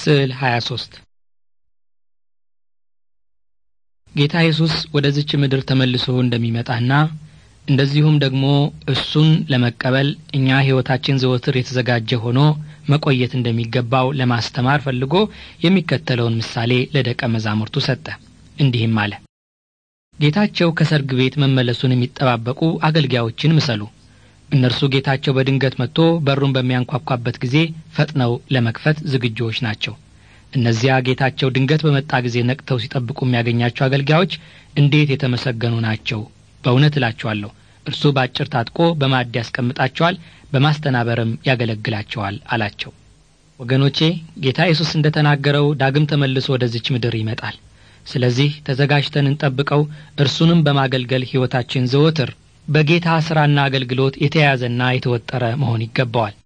ስዕል 23 ጌታ ኢየሱስ ወደዚች ምድር ተመልሶ እንደሚመጣና እንደዚሁም ደግሞ እሱን ለመቀበል እኛ ሕይወታችን ዘወትር የተዘጋጀ ሆኖ መቆየት እንደሚገባው ለማስተማር ፈልጎ የሚከተለውን ምሳሌ ለደቀ መዛሙርቱ ሰጠ። እንዲህም አለ። ጌታቸው ከሰርግ ቤት መመለሱን የሚጠባበቁ አገልጋዮችን ምሰሉ። እነርሱ ጌታቸው በድንገት መጥቶ በሩን በሚያንኳኳበት ጊዜ ፈጥነው ለመክፈት ዝግጁዎች ናቸው። እነዚያ ጌታቸው ድንገት በመጣ ጊዜ ነቅተው ሲጠብቁ የሚያገኛቸው አገልጋዮች እንዴት የተመሰገኑ ናቸው! በእውነት እላችኋለሁ እርሱ በአጭር ታጥቆ በማዕድ ያስቀምጣቸዋል፣ በማስተናበርም ያገለግላቸዋል አላቸው። ወገኖቼ ጌታ ኢየሱስ እንደ ተናገረው ዳግም ተመልሶ ወደዚች ምድር ይመጣል። ስለዚህ ተዘጋጅተን እንጠብቀው፣ እርሱንም በማገልገል ሕይወታችን ዘወትር በጌታ ሥራና አገልግሎት የተያዘና የተወጠረ መሆን ይገባዋል።